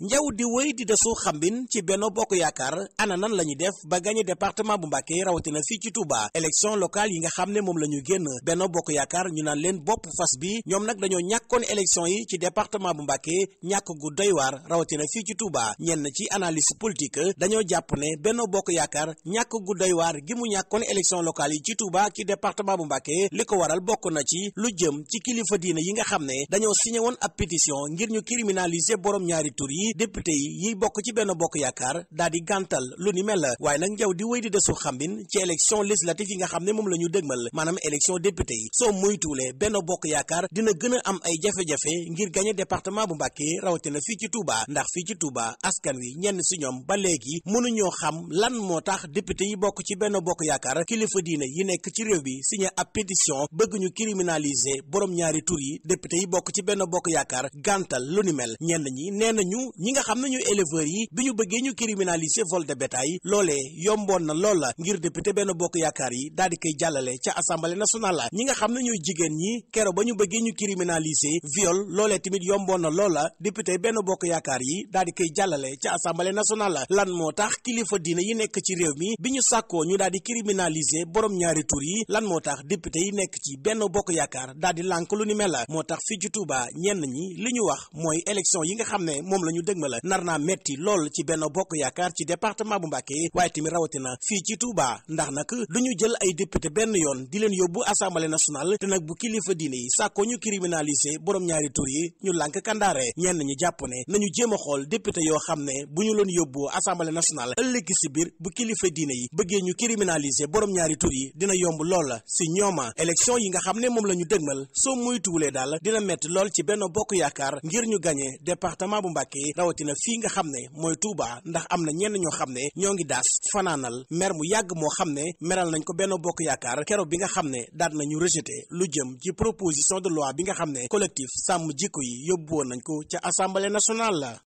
njaw di wéy di desu xambin ci Benno Bokk Yaakaar ana nan la ñuy def ba gagné département bu Mbacké rawatina fii ci Touba élection locale yi nga xam ne moom la ñu génn Benno Bokk Yaakaar ñu naan leen bopp fas bi ñoom nag dañoo ñàkkoon élection yi ci département bu Mbacké ñàkk gu doy rawatina fii ci Touba ñenn ci analise politique dañoo jàpp ne Benno Bokk Yaakaar ñàkk gu doy waar gi mu ñàkkoon élection locale yi ci Touba ci département bu Mbacké li ko waral bokk na ci lu jëm ci kilifa diine yi nga xam ne dañoo signé woon ab ngir ñu criminaliser borom ñaari tur yi yi député yi bokk ci benn bokk yaakaar daal di gàntal lu ni mel la waaye nag njaw di wéy di desu xambin ci élection législative yi nga xam ne moom la ñu dëgmal maanaam élection député yi soo moytuwulee benn bokk yaakaar dina gën a am ay jafe-jafe ngir gagné département bu Mbàkke rawatina fii ci Touba ndax fii ci Touba askan wi ñenn si ñoom ba léegi mënuñoo xam lan moo tax député yi bokk ci benn bokk yaakaar kilifa diine yi nekk ci réew bi signé ab pétition bëgg ñu criminaliser borom ñaari tur yi député yi bokk ci benn bokk yaakaar gàntal lu ni mel ñenn ñi nee nañu ñi nga xam ne ñuy éleveurs yi bi ñu bëggee ñu criminaliser vol de bétail yomboon na lool la ngir député benn bokk yaakaar yi daal di koy jàllale ca assemblée nationale la ñi nga xam ne ñooy jigéen ñi kero ñu bëggee ñu criminaliser viol loolee tamit yomboon na lool la député benn bokk yaakaar yi daal di koy jàllale ca assemblée nationale la lan moo tax kilifa diine yi nekk ci réew mi bi ñu sàkkoo ñu daal di criminaliser borom ñaari tur yi lan moo tax député yi nekk ci benn bokk yaakaar daal di lànk lu ni mel la moo tax fii ci Touba ñenn ñi li ñu wax mooy élection yi nga xam ne moom lañu dëgmal nar naa metti lool ci benn bokk yaakaar ci département bu Mbacké waaye tamit rawatina fii ci Touba ndax nag du ñu jël ay député benn yoon di leen yóbbu assemblée nationale te nag bu kilifa diine yi sàkkoo ñu criminaliser borom ñaari tur yi ñu lànk kandaare ñenn ñi jàpp ne nañu jéem a xool député yoo xam ne bu ñu leen yóbbu assemblée nationale ëllëg si biir bu kilifa diine yi bëggee ñu criminaliser borom ñaari yi dina yomb lool si ñooma élection yi nga xam ne moom la ñu dëgmal soo muy tuulee daal dina metti lool ci benn bokk yaakaar ngir ñu gagné département bu Mbacké rawatina fii nga xam ne mooy tuuba ndax am na ñenn ñoo xam ne ñoo ngi daas fanaanal mer mu yàgg moo xam ne meral nañ ko benn bokk yaakaar kero bi nga xam ne daat nañu rejeté lu jëm ci proposition de loi bi nga xam ne collectif sàmm jikko yi yóbbu nañ ko ca assemblée nationale la